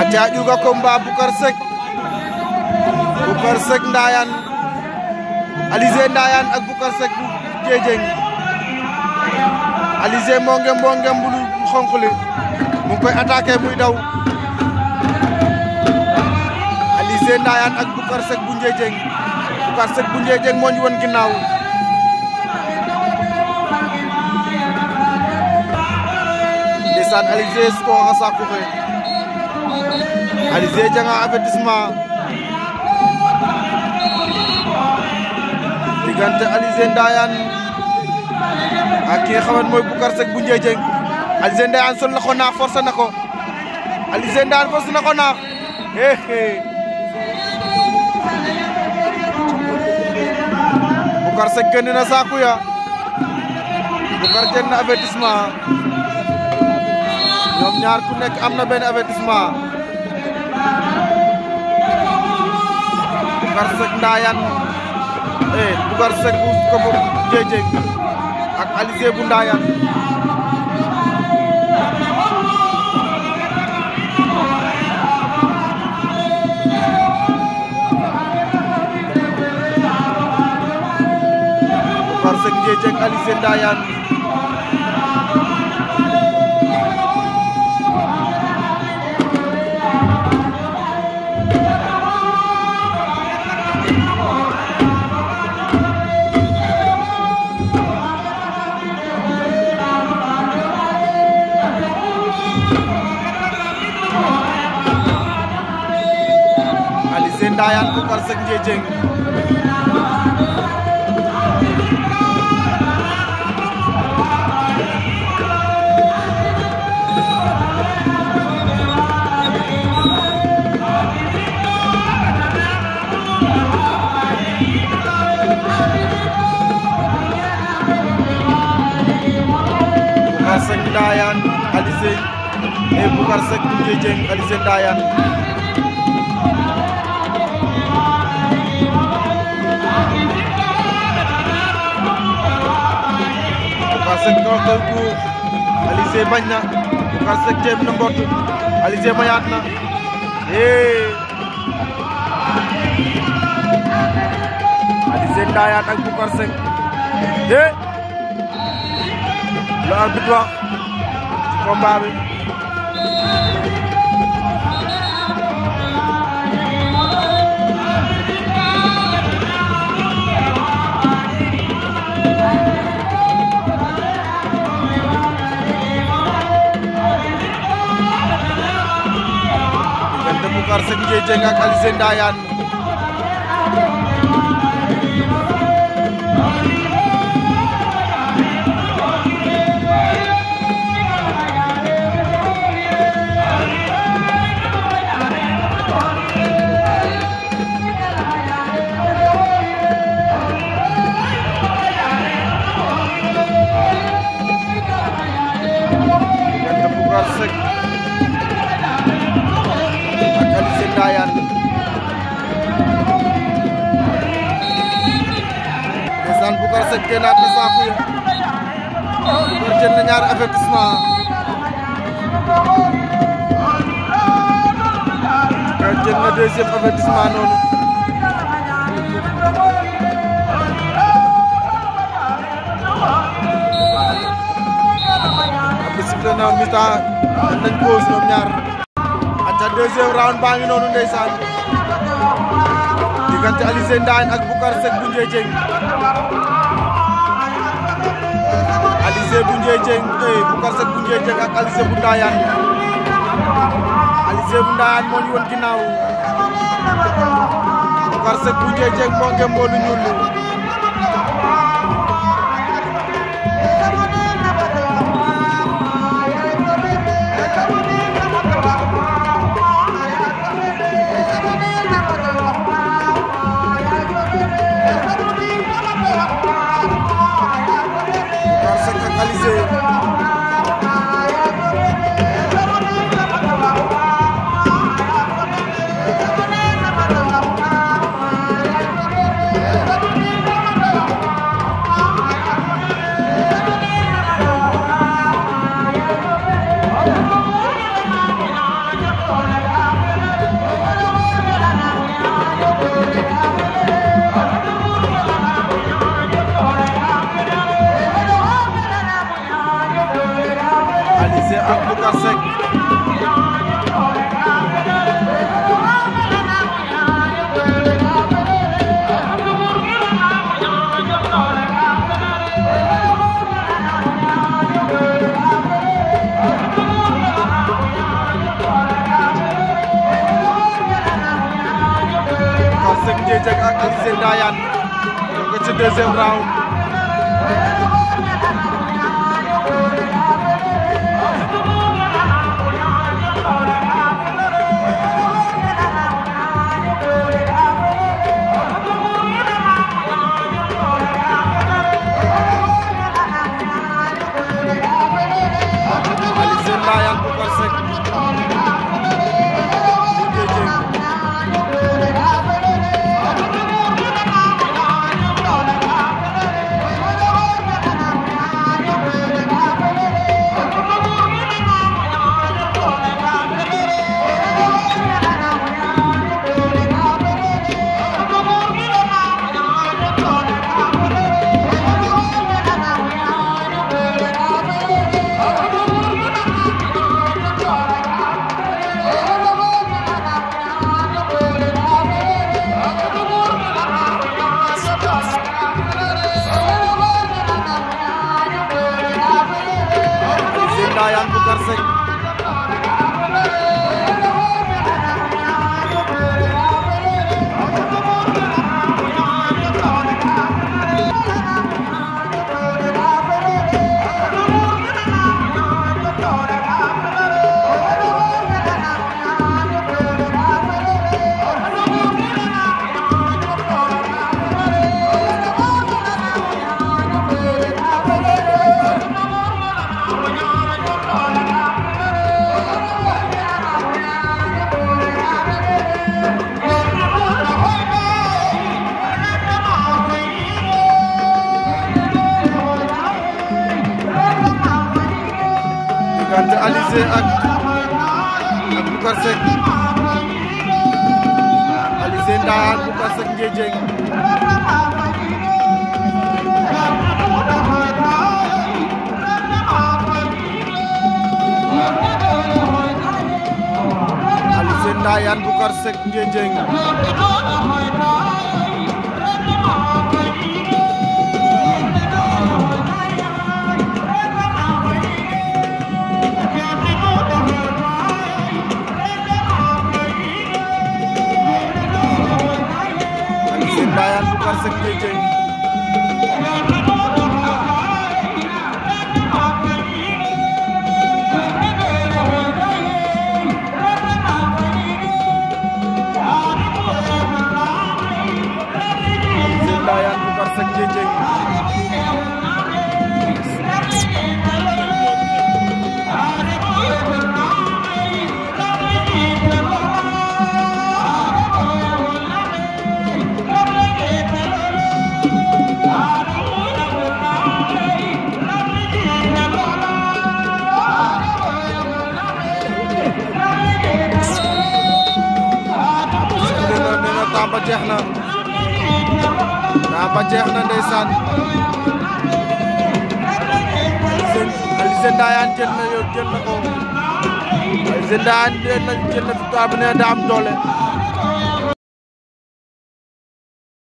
aca ƴuga combat Boucar Seck Boucar Seck Ndayane Alizé Ndayane ak Boucar Seck bu Diédieng Alizé moo ngem boo ngem bulu xonq li mu ngi koy attaqué muy daw Alizé Ndayane ak Boucar Seck bu Diédieng Boucar Seck bu Diédieng moo ñu won ginnaaw ndeysaan Alizé su ko Alizé Dianga avertissement diggante Alizé ak ki nga xamante mooy Boucar Seck bu Ndiédiène Alizé Ndayane sol na ko naax forcé na ko Alizé na ko naax eh na saaku ya ñaar ku nekk am na benn avertissement Boucar Seck Ndayane eh Boucar Seck bu Kopo Jéjéng ak Alizé bu Ndayane Boucar Seck Jéjéng Alizé Ndayane Dayan Bukarsın Geceng. Bukarsın Dayan, Alize, eh Bukarsın Geceng, Alize Dayan. Seck nga waxtaan kuur Aliou Seye bañ na Boucar Seck jéem na mbott Aliou Seye mayaat na hee Aliou Seye daayaat ak Boucar Seck hee lu arbitre wax ci combat bi sekuchoitenga kalisendayani sëñ bi naat na saako yi Ngor jël na ñaari avertissement Ngor jël na deuxième avertissement noonu. bisimilah na mi-temps dem nañ pause ñoom ñaar. aca deuxième round baa ngi noonu ndeysaan. diggante Alizé Ndane ak Boucar Seck bu Ndiédiène. Alizé bu Ndiédiène eh, bu ak Alizé bu Ndayane Alizé bu Ndayane moo ñu woon ginnaaw bu Karsek bu Babacar Seck Babacar Seck Ndiédiène ak Alizé Ndayane donc ci deuxième round diggante Alizé ak ak Boucar Seck Alizé Ndaan Boucar Seck Ndiédiène Alizé Ndayane Boucar Seck Ndiédiène lamb ba jeex na lamb ba jeex na ndeysaan Aliou Seye Ndayane jël na yow jël na ko Aliou Seye Ndayane jël na jël na victoire bi ne daa am doole